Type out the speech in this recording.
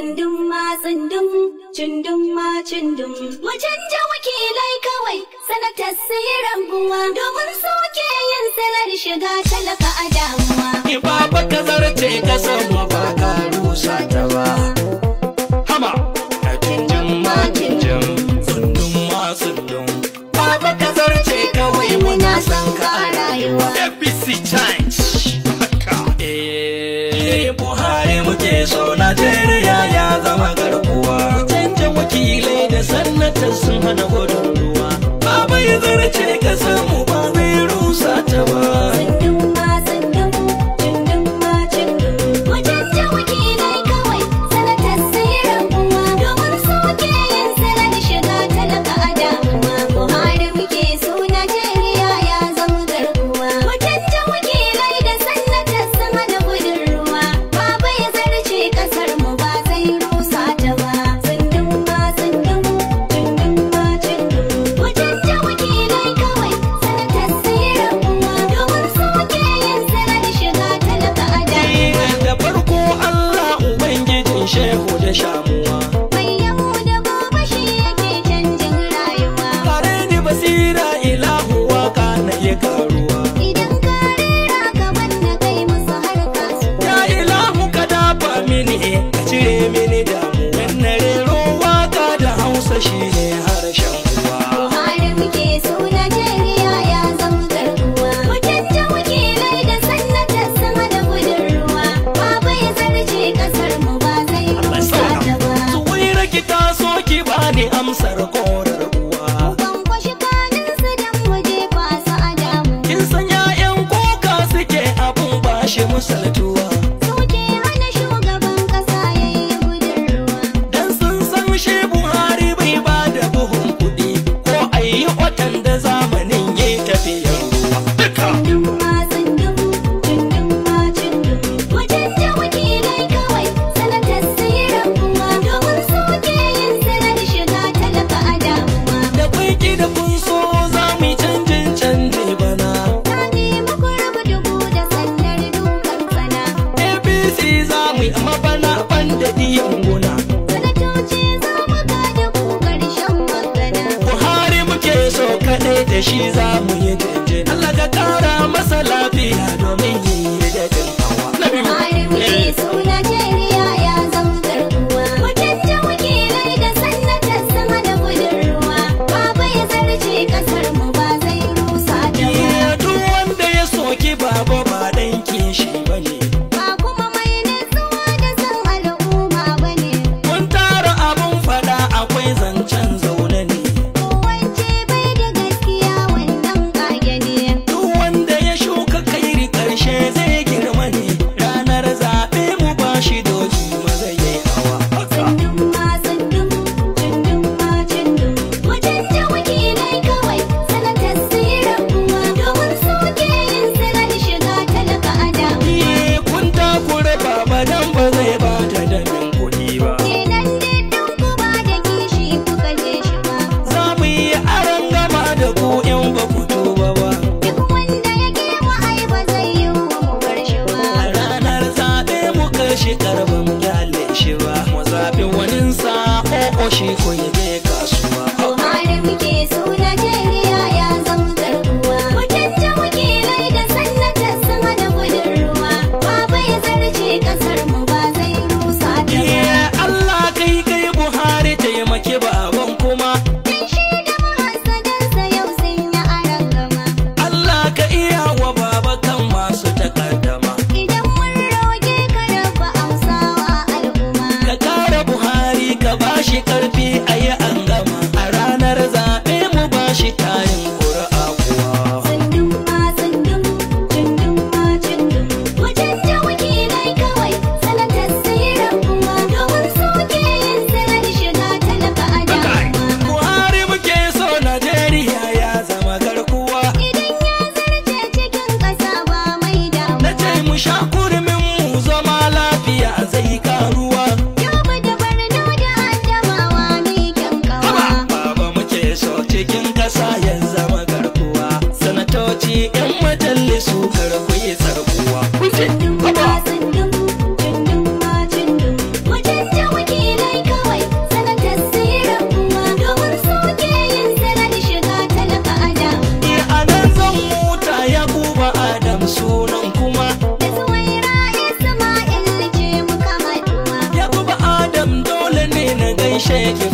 tsundum ma tsundum cundum ma cundum mu canja wakilai kawai sanatar sai raguwa domin soke yin salar shiga talaka a damuwa cire ka Ku da shamu I'm amsar korar kaɗai da shi za mu yi jeje Allah ka ƙara masa lafiya domin yi Chico shake you